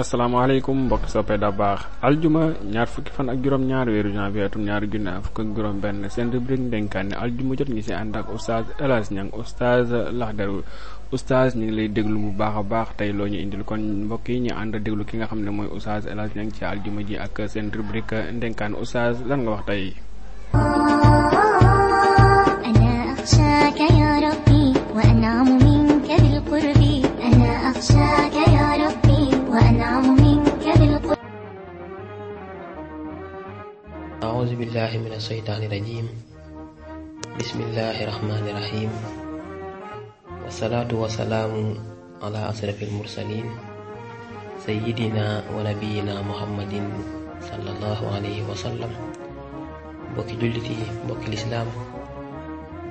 asalaamaaleykum mbokk soppe da baax aljuma ñaar fukki fan ak juróom ñaar weeru janvier atum ñaari junne fukk ak juróom benn seen rubrique ndenkaan ne aljuma jot ngi si ànd ak oustaz El Hadj Niang oustaz Laxdaru oustaz ñu ngi lay déglu bu baax a baax tey loo ñu indil kon mbokk yi ñu ànd déglu ki nga xam ne mooy oustaz El Hadj Niang ci aljuma ji ak seen rubrique ndenkaan oustaz lan nga wax tey ana axshaaka ya rabbi wa anaamu minka bil qurbi أعوذ بالله من الشيطان الرجيم بسم الله الرحمن الرحيم والصلاة والسلام على أشرف المرسلين سيدنا ونبينا محمد صلى الله عليه وسلم mbokki jullit yi mbokki lislaam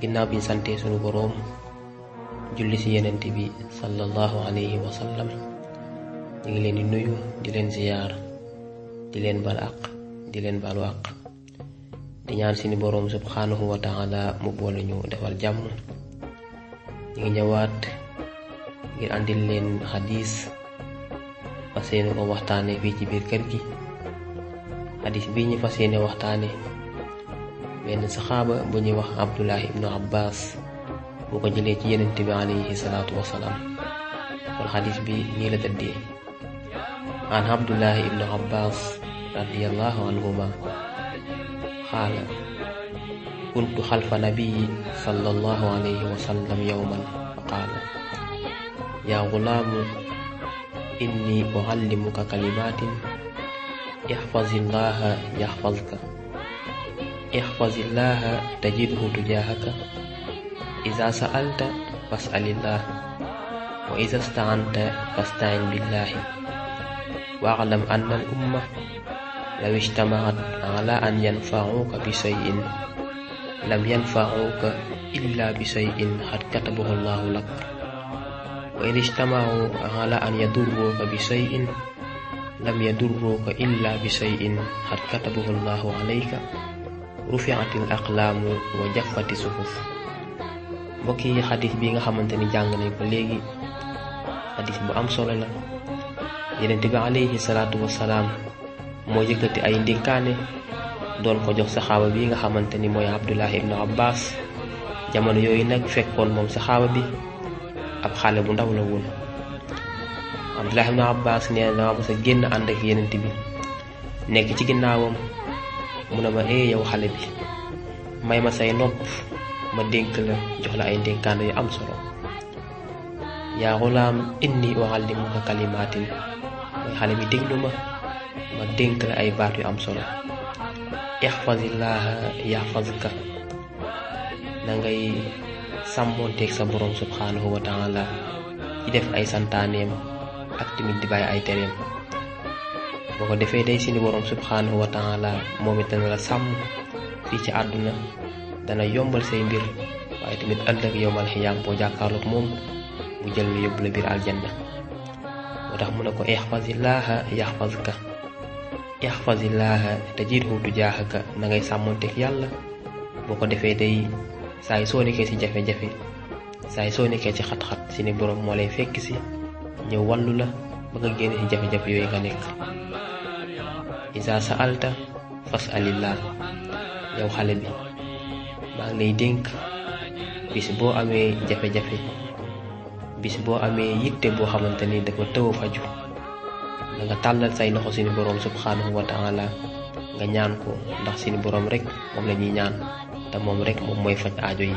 ginnaaw biñ santee sunu boroom julli ci yenent bi sallallahu alayhi wa sallam ngi leen di nuyu di leen ziyaar di leen bal àq di leen balu àq di ñaan suñu boroom subxanahu wa taala mu boole ñu defal jàmm ñu ngi ñëwaat ngir àndil leen xadis fas yéene ko waxtaane fii ci biir kër gi xadis bi ñu fas yéene waxtaane benn saxaaba bu ñuy wax abdullah ibnu abbas bu ko jëlee ci yenent bi alayhi salaatu wasalaam kon xadis bi nii la tëddee an abdullah ibnu abbas radiallahu anhuma qaala kuntu xalfa nabiyi sallallahu alayhi wa sallam yowman fa qaala yaa gulaamu inni uallimuka kalimaatin ixfazillaha yaxfazka ixfazillaha tajidhu tujaahaka iza sa'alta fas'alillah wa iza sta'anta fasta'in billahi wa'lam anna al umma لو اجتمعت على أن ينفعوك بشيء لم ينفعوك إلا بشيء قد كتبه الله لك وإن اجتمعوا على أن يضروك بشيء لم يضروك إلا بشيء قد كتبه الله عليك رفعت الأقلام وجفت الصحف mbokk yi xadis bi nga xamante ni jàng nañ ko léegi xadis bu am solo la yenente bi alayhi salaatu wasalaam moo yëkkati ay ndénkaane doon ko jox sa saxaaba bi nga xamante ni mooy Abdullah ibnu Abbas jamono yooyu nag fekkoon moom sa saxaaba bi ab xale bu ndaw la woon Abdullah ibnu Abbas nee na dama mos génn ànd ak yenent bi nekk ci ginnaawam mu ne ma eh yow xale bi may ma say nopp ma dénk la jox la ay ndénkaane yu am solo yaa xulaam inni uallimuka kalimaatin mooy xale bi déglu ma ma dénk la ay baat yu am solo ixfazillaaha yaxfazka na ngay sàmmoonteeg sa boroom subxanahu wa taala ci def ay santaaneem ak tamit di bàyyi ay tereem boo ko defee day sini borom subxanahu wa taala moom dana sàmm fii ci àdduna dana yombal say mbir waaye tamit ëllëg yowmal xiyaam boo jàkkaarloog moom mu jël la yóbbu la biir aljanna moo tax mu ne ko ixfazillaaha yaxfazka te ihfazillaaha tajidhu tujaahaka na ngay sàmmonteeg yàlla boo ko defee day saa soo nekkee ci jafe-jafe saa soo nekkee ci xat-xat si ni boroom moo lay fekk si ñëw wàllu la ba nga génn ci jafe-jafe yooyu nga nekk isa sa alta fas alillah yow xale bi maa ngi lay dénk bis boo amee jafe-jafe bis boo amee yitte boo xamante ni dafa tëw faju nga tàllal say loxo suñu boroom subhanahu wa taala nga ñaan ko ndax suñu boroom rek moom la ñuy ñaan te moom rekk moom mooy faj aajo yi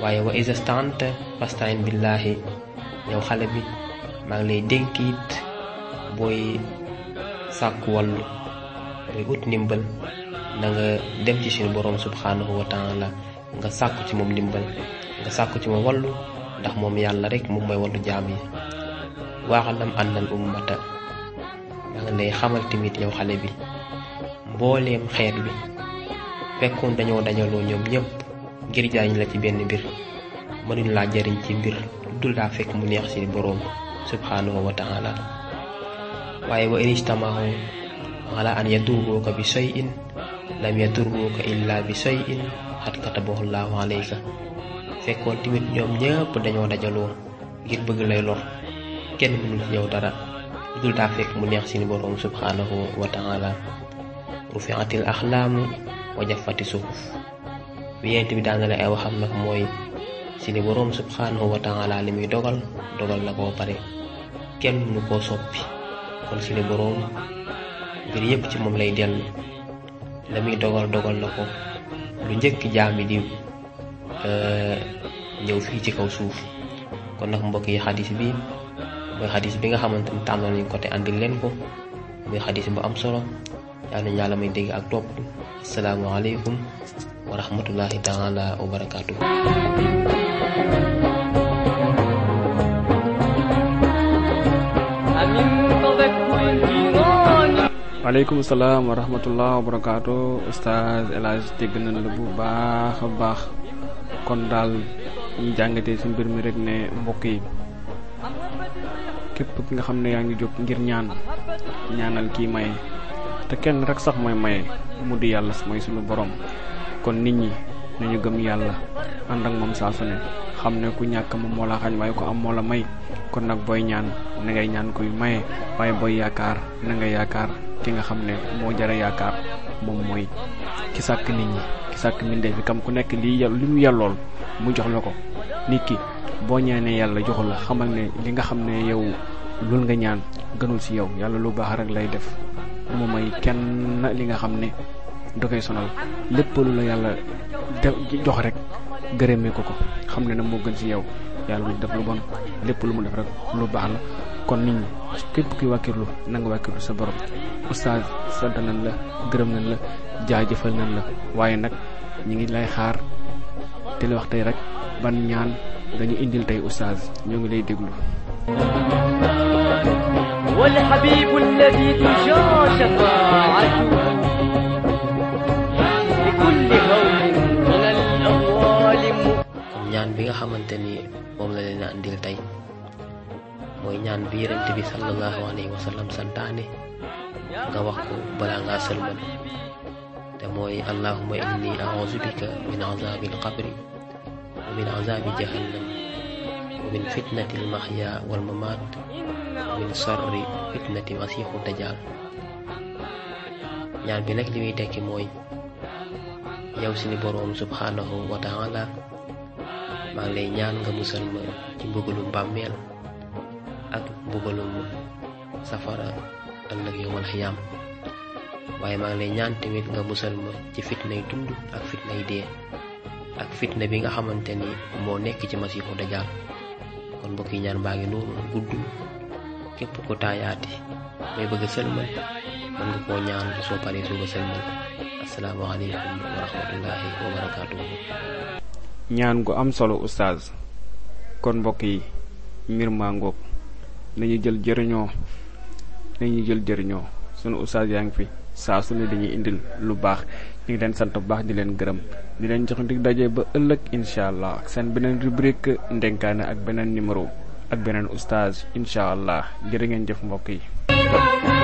waaye wa isastante fastain billahi yow xale bi maa ngi lay dénk it booy sàkku wàllu booy ut ndimbal na nga dem ci suñu boroom subhanahu wa nga sàkku ci moom ndimbal nga sàkku ci moom wàllu ndax moom yàlla rek moom mooy wàllu jaam yi waaxalam ànnal ummata maa ngi lay xamal tamit yow xale bi mbooleem xeet bi fekkoon dañoo dajaloo ñoom ñëpp ngir jariñ la ci benn mbir mënuñ laa jariñ ci mbir dul daa fekk mu neex ci boroom subhanahu wa taala waaye wa inistamaa ala an yadurruuka bi shay'in lam yadurruuka illa bi shay'in xat katabahu llaahu alayka fekkoon tamit ñoom ñëpp dañoo dajaloo ngir bëgg lay lor kenn mënul ci yow dara du dul daa fekk mu neex si ni boroom subhaanahu wa taala rufiatil axlaamu wa jafati suxuf bi yent bi daanale ay waxam nag mooy si ni boroom subhaanahu wa taala li muy dogal dogal na koo pare kenn mënu koo soppi kon si ni boroom ci moom lay dellu muy dogal dogal na ko lu njëkk jaami yi euh, ñëw fii ci kaw suuf kon nag mbokk yi bi mooy xadis bi nga xamante ni tànnoon nañ ko te andil leen bu am solo yal nañ yàlla may dégg ak topp asalaamualeykum wa rahmatullahi wa barakaatuhu waaleykum salaam El Hadj dégg nañ la bu baax baax kon daal ñu jàngatee ci mbir mi rek ne mbokk yi képp ki nga xam ne yaa ngi jóg ngir ñaan ñaanal kii maye te kenn rek sax mooy maye mu di yàlla mooy suñu borom kon nit ñi nañu gëm yàlla ànd ak moom saa su xam ne ku ñàkk moom moo la xañ waaye ku am moo la may kon nag booy ñaan na ngay ñaan kuy maye waaye booy yaakaar na nga yaakaar ki nga xam ne moo jara yaakaar moom mooy ki sàkk nit ñi ki sàkk mbindeef bi kam ku nekk lii li mu yellool mu jox la ko nit boo ñaanee yàlla joxul la xamal ne li nga xam ne yow loolu nga ñaan gënul ci yow yàlla lu baax rek lay def du ma may kenn li nga xam ne da koy sonal lépp lu la yàlla def jox rek gërëmee ko ko xam ne nag moo gën ci yow yàlla lu def lu bon lépp lu mu def rek lu baax la kon nit ñi képp ki wàkkirlu na nga wàkkirlu sa borom oustaz sant nañ la gërëm nañ la jaajëfal nañ la waaye nag ñi ngi lay xaar te li wax tey ban ñaan nga ñu indil tey oustaz ñoo ngi lay déglu والحبيب الذي تجاه شفاعته لكل هول من الأظالم ñaan bi nga xamante ni moom la leen a andil tey mooy ñaan bi yonent bi sallallahu alayhi wa sallam santaane nga wax ko balaa ngaa sëlmal te mooy allahumma inni a'udhu min azabil qabri min azaabi jahannam wa min fitnati almahya walmamaat wa min sarri fitnati masiixu dajaal ñaan bi nag li muy tekki mooy yow suñu boroom subhaanahu wa taala lay ñaan nga musal ma ci mbugalum bàmmeel ak mbugalum safara ëllëg yowmal xiyaam waaye maa ngi lay ñaan tamit nga musal ma ci fitnay dund ak fitnay dee ak fitna bi nga xamante ni moo nekk ci masiixu dajaal kon mbokk yi ñaan baa ngi noonu gudd képp ko taayaati bay bëgg a sëlmal nga koo ñaan soo paree soo ko sëlmal asalaamaaleykum wa ñaan gu am solo oustaz kon mbokk yi mbir maa ngoog nañu jël jariñoo nañu jël jëriñoo sunu oustaz yaa ngi fi saa su ne dañuy indil lu baax ñu ngi leen sant bu baax di leen gërëm di leen jox dig daje ba ëllëg incha allah ak seen beneen rubrique ndenkaane ak beneen numéro ak beneen oustaz incha allah jërë ngeen jëf mbokk yi.